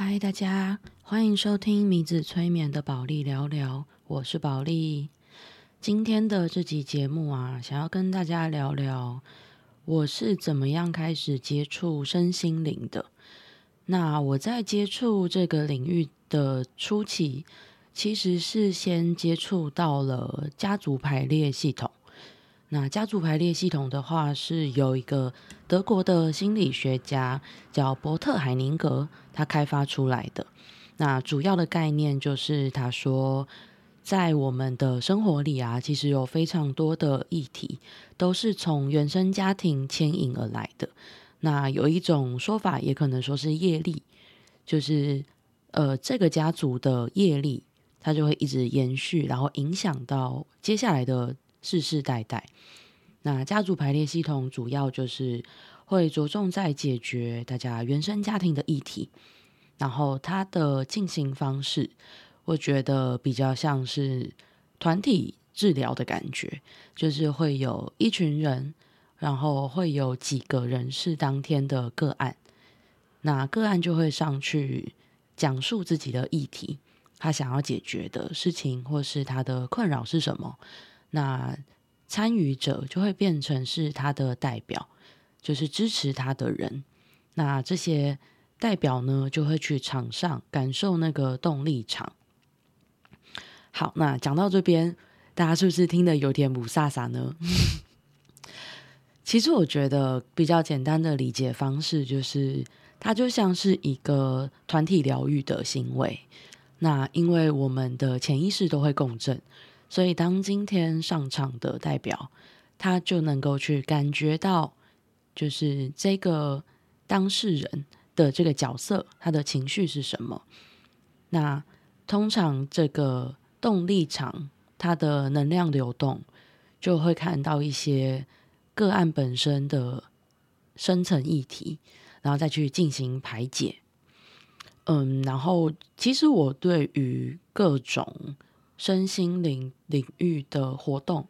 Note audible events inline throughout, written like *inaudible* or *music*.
嗨，Hi, 大家歡迎收聽米子催眠的寶莉聊聊，我是寶莉。今天的這集節目啊，想要跟大家聊聊我是怎麼樣開始接觸身心靈的。那我在接觸這個領域的初期，其實是先接觸到了家族排列系統。那家族排列系統的話，是由一個德國的心理學家叫伯特海寧格，他開發出來的。那主要的概念就是，他說在我們的生活裡啊，其實有非常多的議題都是從原生家庭牽引而來的。那有一種說法，也可能說是業力，就是呃，這個家族的業力，它就會一直延續，然後影響到接下來的。世世代代，那家族排列系統主要就是會着重在解決大家原生家庭的議題。然後它的進行方式，我覺得比較像是團體治療的感覺，就是會有一群人，然後會有幾個人是當天的個案，那個案就會上去講述自己的議題，他想要解決的事情或是他的困擾是什麼？那參與者就會變成是他的代表，就是支持他的人。那這些代表呢，就會去場上感受那個動力場。好，那講到這邊，大家是不是聽得有點霧煞煞呢？ *laughs* 其實我覺得比較簡單的理解方式就是，它就像是一個團體療癒的行為。那因為我們的潛意識都會共振。所以，當今天上場的代表，他就能夠去感覺到，就是這個當事人的這個角色，他的情緒是什麼。那通常這個動力場，它的能量流動，就會看到一些個案本身的深層議題，然後再去進行排解。嗯，然後其實我對於各種。身心靈領域的活動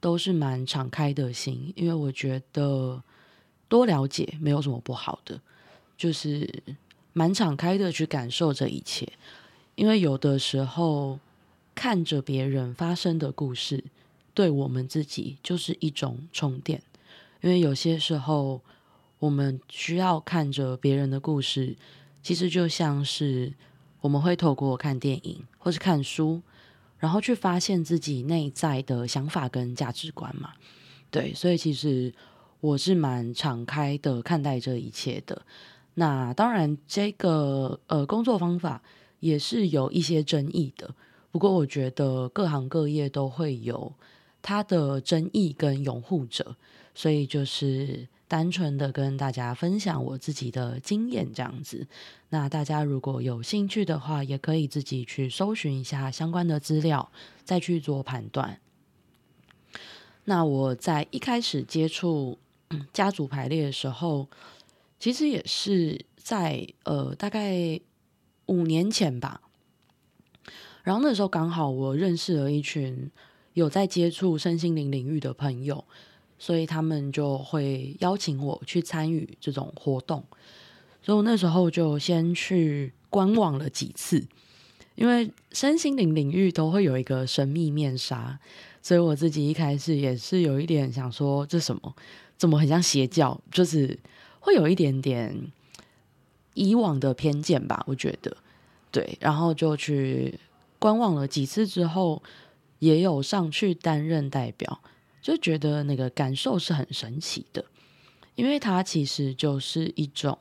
都是蠻敞開的心，因為我覺得多了解沒有什麼不好的，就是蠻敞開的去感受這一切。因為有的時候看着別人發生的故事，對我們自己就是一種充電。因為有些時候我們需要看着別人的故事，其實就像是我們會透過看電影或是看書。然後去發現自己內在的想法跟價值觀嘛，對，所以其實我是蠻敞開的看待這一切的。那當然，這個呃工作方法也是有一些爭議的，不過我覺得各行各業都會有它的爭議跟擁護者，所以就是。單純的跟大家分享我自己的經驗，這樣子。那大家如果有興趣的話，也可以自己去搜尋一下相關的資料，再去做判斷。那我在一開始接觸家族排列的時候，其實也是在呃，大概五年前吧。然後那時候剛好我認識了一群有在接觸身心靈領域的朋友。所以他們就會邀請我去參與這種活動，所以我那時候就先去觀望了幾次。因為身心靈領域都會有一個神秘面紗，所以我自己一開始也是有一點想說，這什麼怎麼很像邪教，就是會有一點點以往的偏見吧？我覺得對，然後就去觀望了幾次之後，也有上去擔任代表。就覺得那個感受是很神奇的，因為它其實就是一種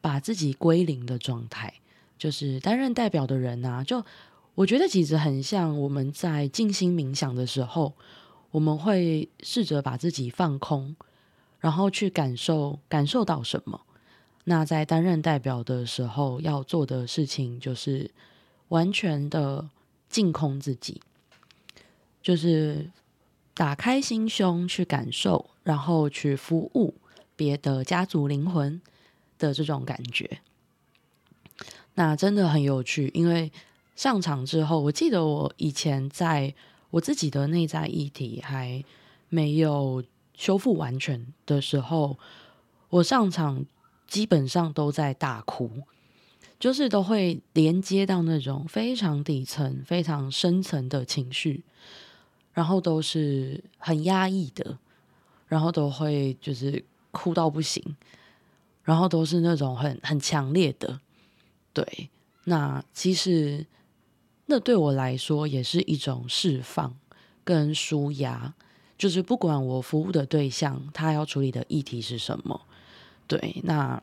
把自己歸零的狀態。就是擔任代表的人啊，就我覺得其實很像我們在靜心冥想的時候，我們會試着把自己放空，然後去感受感受到什麼。那在擔任代表的時候要做的事情，就是完全的淨空自己，就是。打開心胸去感受，然後去服務別的家族靈魂的這種感覺，那真的很有趣。因為上場之後，我記得我以前在我自己的內在議題還沒有修復完全的時候，我上場基本上都在大哭，就是都會連接到那種非常底層、非常深層的情緒。然後都是很壓抑的，然後都會就是哭到不行，然後都是那種很很強烈的，對。那其實那對我來說也是一種釋放跟舒壓，就是不管我服務的對象他要處理的議題是什麼，對。那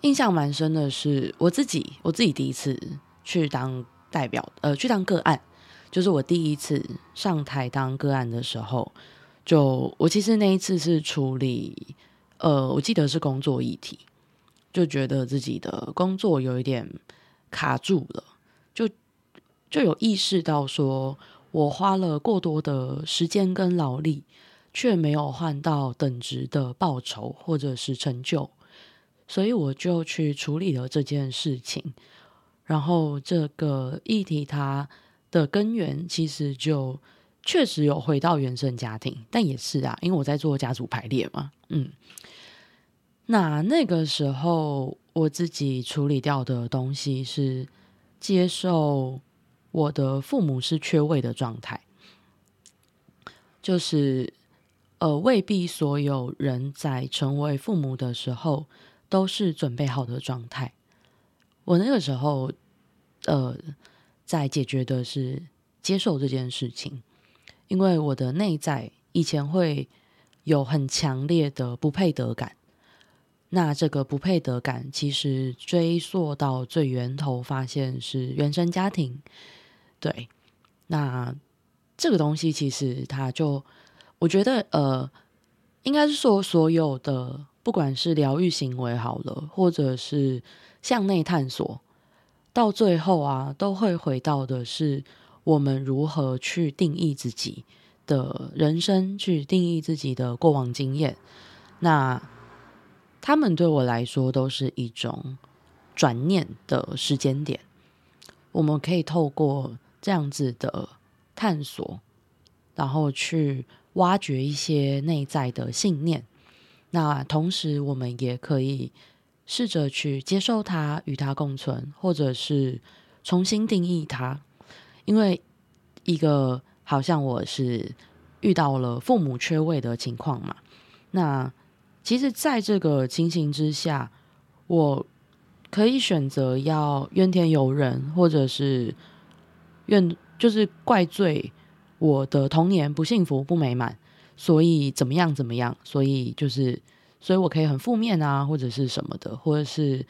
印象蠻深的是我自己，我自己第一次去當代表，呃，去當個案。就是我第一次上台當個案的時候，就我其實那一次是處理，呃，我記得是工作議題，就覺得自己的工作有一點卡住了，就就有意識到說我花了過多的時間跟勞力，卻沒有換到等值的報酬或者是成就，所以我就去處理了這件事情，然後這個議題它。的根源其實就確實有回到原生家庭，但也是啊，因為我在做家族排列嘛，嗯。那那個時候我自己處理掉的東西是接受我的父母是缺位的狀態，就是呃，未必所有人在成為父母的時候都是準備好的狀態。我那個時候，呃。在解決的是接受這件事情，因為我的內在以前會有很強烈的不配得感，那這個不配得感其實追溯到最源頭，發現是原生家庭。對，那這個東西其實它就，我覺得呃，應該是說所有的，不管是療癒行為好了，或者是向內探索。到最後啊，都會回到的是我們如何去定義自己的人生，去定義自己的過往經驗。那他們對我來說都是一種轉念的時間點。我們可以透過這樣子的探索，然後去挖掘一些內在的信念。那同時我們也可以。試着去接受它，與它共存，或者是重新定義它。因為一個好像我是遇到了父母缺位的情況嘛。那其實，在這個情形之下，我可以選擇要怨天尤人，或者是怨就是怪罪我的童年不幸福、不美滿，所以怎麼樣怎麼樣，所以就是。所以我可以很負面啊，或者是什麼的，或者是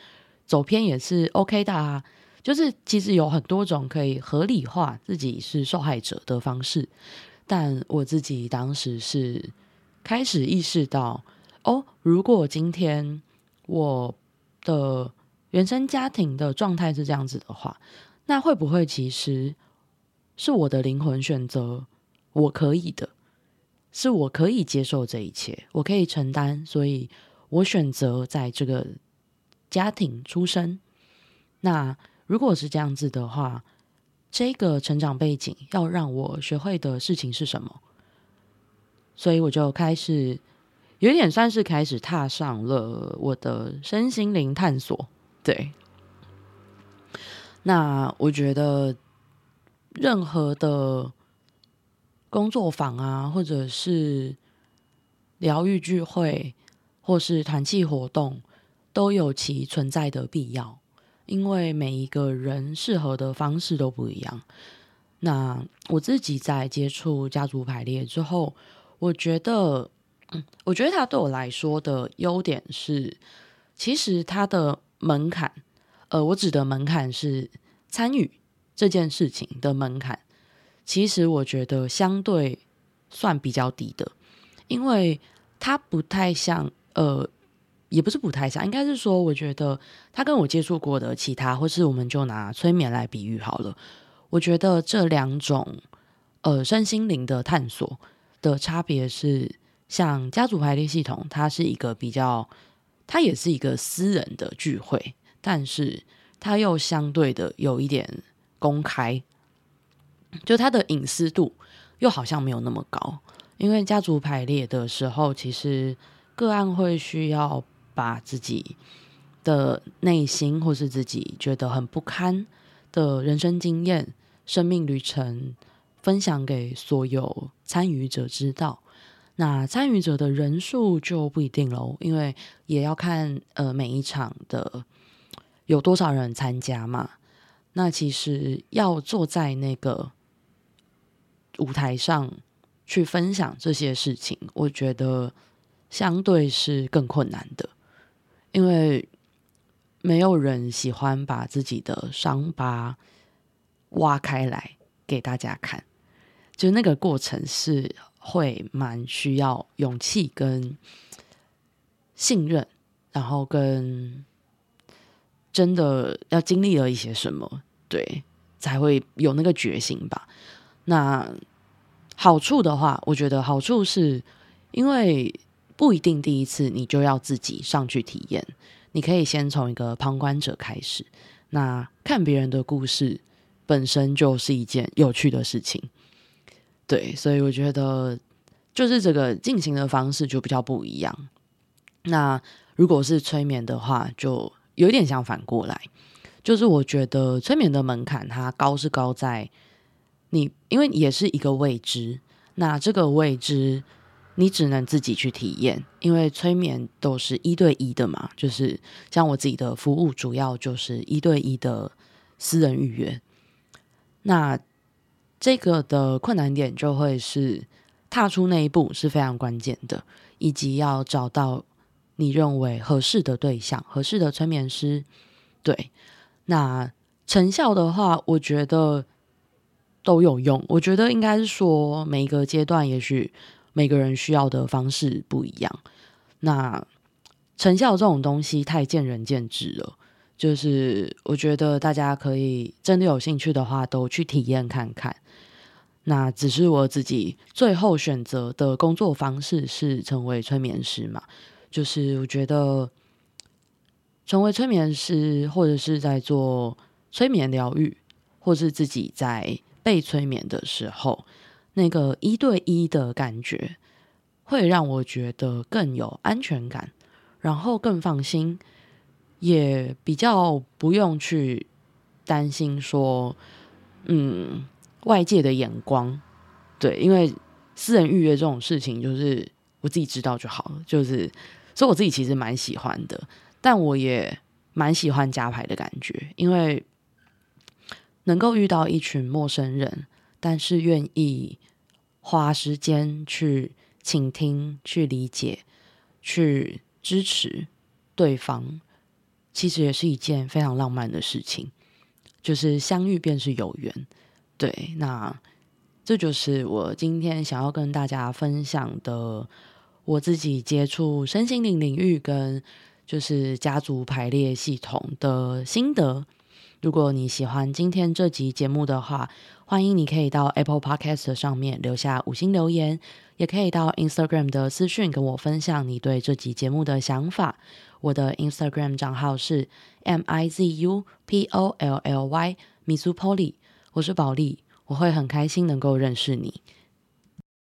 走偏也是 OK 的啊。就是其實有很多種可以合理化自己是受害者的方式，但我自己當時是開始意識到，哦，如果今天我的原生家庭的狀態是這樣子的話，那會不會其實是我的靈魂選擇，我可以的。是我可以接受這一切，我可以承擔，所以我選擇在這個家庭出生。那如果是這樣子的話，這個成長背景要讓我學會的事情是什麼？所以我就開始有點算是開始踏上了我的身心靈探索。對，那我覺得任何的。工作坊啊，或者是療癒聚會，或是團契活動，都有其存在的必要，因為每一個人適合的方式都不一樣。那我自己在接觸家族排列之後，我覺得，我覺得它對我來說的優點是，其實它的門檻，呃，我指的門檻是參與這件事情的門檻。其實我覺得相對算比較低的，因為他不太像呃，也不是不太像，應該是說，我覺得他跟我接觸過的其他，或是我們就拿催眠來比喻好了。我覺得這兩種呃，身心靈的探索的差別是，像家族排列系統，它是一個比較，它也是一個私人的聚會，但是它又相對的有一點公開。就他的隱私度又好像沒有那麼高，因為家族排列的時候，其實個案會需要把自己的內心或是自己覺得很不堪的人生經驗、生命旅程分享給所有參與者知道。那參與者的人數就不一定咯，因為也要看呃每一場的有多少人參加嘛。那其實要坐在那個。舞台上去分享這些事情，我覺得相對是更困難的，因為沒有人喜歡把自己的傷疤挖開來給大家看，就那個過程是會蠻需要勇氣跟信任，然後跟真的要經歷了一些什麼，對，才會有那個決心吧。那好處的話，我覺得好處是，因為不一定第一次你就要自己上去體驗，你可以先從一個旁觀者開始。那看別人的故事本身就是一件有趣的事情，對，所以我覺得就是這個進行的方式就比較不一樣。那如果是催眠的話，就有點像反過來，就是我覺得催眠的門檻它高是高在。你因為也是一個未知，那這個未知，你只能自己去體驗，因為催眠都是一對一的嘛，就是像我自己的服務，主要就是一對一的私人預約。那這個的困難點就會是踏出那一步是非常關鍵的，以及要找到你認為合適的對象、合適的催眠師。對，那成效的話，我覺得。都有用，我覺得應該是說每一個階段，也許每個人需要的方式不一樣。那成效這種東西太見仁見智了，就是我覺得大家可以真的有興趣的話，都去體驗看看。那只是我自己最後選擇的工作方式是成為催眠師嘛，就是我覺得成為催眠師，或者是在做催眠療癒，或是自己在。被催眠的時候，那個一對一的感覺會讓我覺得更有安全感，然後更放心，也比較不用去擔心說，嗯，外界的眼光。對，因為私人預約這種事情，就是我自己知道就好了。就是，所以我自己其實蠻喜歡的，但我也蠻喜歡家排的感覺，因為。能夠遇到一群陌生人，但是願意花時間去傾聽、去理解、去支持對方，其實也是一件非常浪漫的事情。就是相遇便是有緣，對。那這就是我今天想要跟大家分享的，我自己接觸身心靈領域跟就是家族排列系統的心得。如果你喜歡今天這集節目的話，歡迎你可以到 Apple Podcast 上面留下五星留言，也可以到 Instagram 的私訊跟我分享你對這集節目的想法。我的 Instagram 賬號是 M I Z U P O L L Y Mizu Polly，我是寶莉，我會很開心能夠認識你。